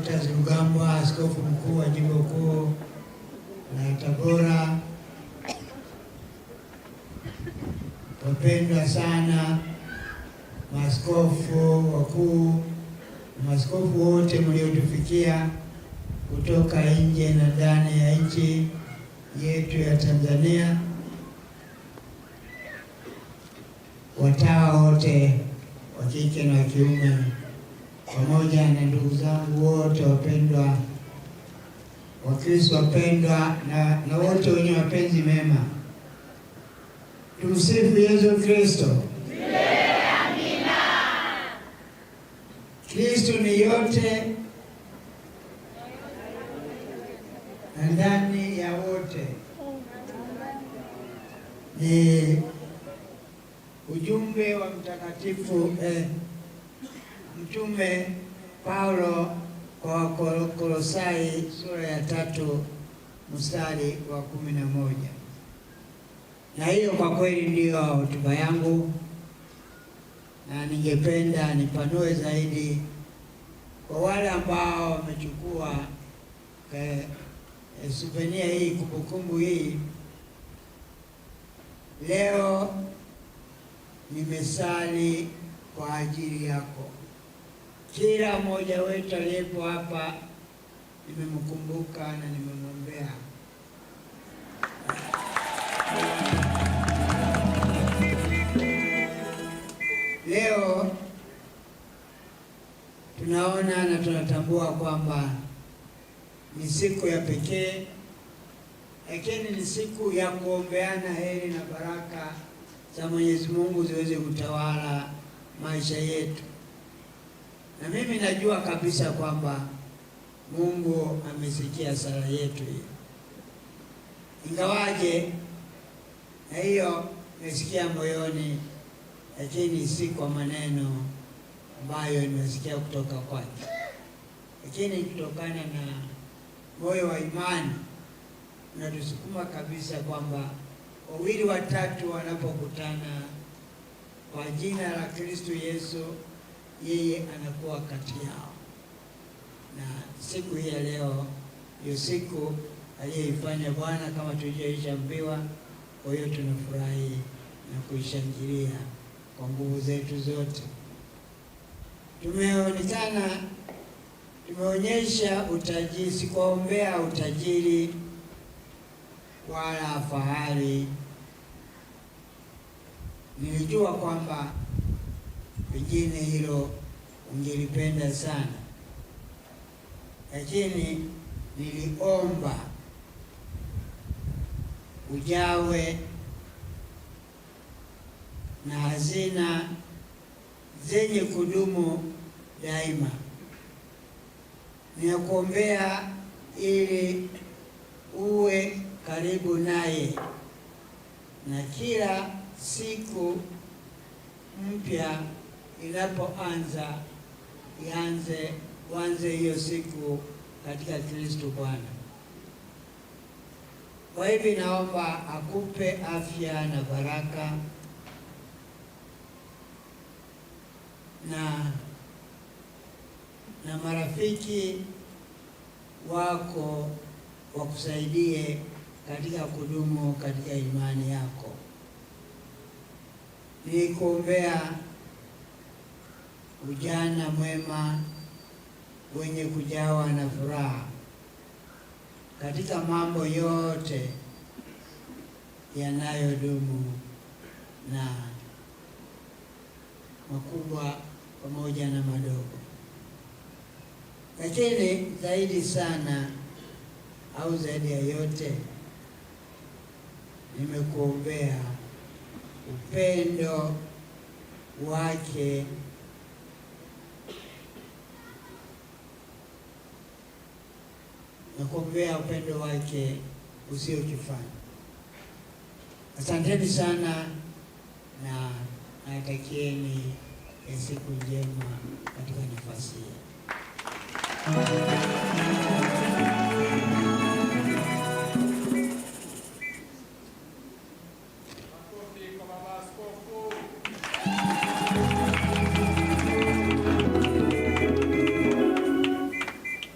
Mathias Rugambwa, askofu mkuu wa jimbo kuu la Tabora, wapendwa sana maaskofu wakuu, maaskofu wote mliotufikia kutoka nje na ndani ya nchi yetu ya Tanzania, watawa wote wa kike na wa kiume pamoja na ndugu zangu wote wapendwa, Wakristo wapendwa na, na wote wenye mapenzi mema. Tumsifu Yesu Kristo. Amina. Kristo ni yote na ndani ya wote ni ujumbe wa mtakatifu eh, Mtume Paulo kwa Wakolosai sura ya tatu mstari wa kumi na moja. Na hiyo kwa kweli ndiyo hotuba yangu, na ningependa nipanue zaidi kwa wale ambao wamechukua eh, eh suvenia hii, kumbukumbu hii. Leo nimesali kwa ajili yako. Kila mmoja wetu aliyepo hapa nimemkumbuka na nimemwombea. Leo tunaona na tunatambua kwamba ni siku ya pekee, lakini ni siku ya kuombeana heri na baraka za Mwenyezi Mungu ziweze kutawala maisha yetu na mimi najua kabisa kwamba Mungu amesikia sala yetu hiyo, ingawaje na hiyo nimesikia moyoni, lakini si kwa maneno ambayo nimesikia kutoka kwake, lakini kutokana na moyo wa imani unatusukuma kabisa kwamba wawili watatu wanapokutana kwa jina la Kristo Yesu yeye anakuwa kati yao. Na siku hii ya leo hiyo siku aliyoifanya Bwana kama tulivyoishambiwa. Kwa hiyo tunafurahi na kuishangilia kwa nguvu zetu zote. Tumeonekana, tumeonyesha utajiri, sikuwaombea utajiri wala fahari. Nilijua kwamba pengine hilo ungelipenda sana, lakini niliomba ujawe na hazina zenye kudumu daima. Ninakuombea ili uwe karibu naye na kila siku mpya inapoanza ianze wanze hiyo siku katika Kristo Bwana. Kwa hivi naomba akupe afya na baraka na na marafiki wako wakusaidie katika kudumu katika imani yako. Nikuombea ujana mwema wenye kujawa na furaha katika mambo yote yanayodumu na makubwa pamoja na madogo, lakini zaidi sana au zaidi ya yote nimekuombea upendo wake na kuombea upendo wake kifani. Asanteni sana na natakieni siku njema katika nafasi hii.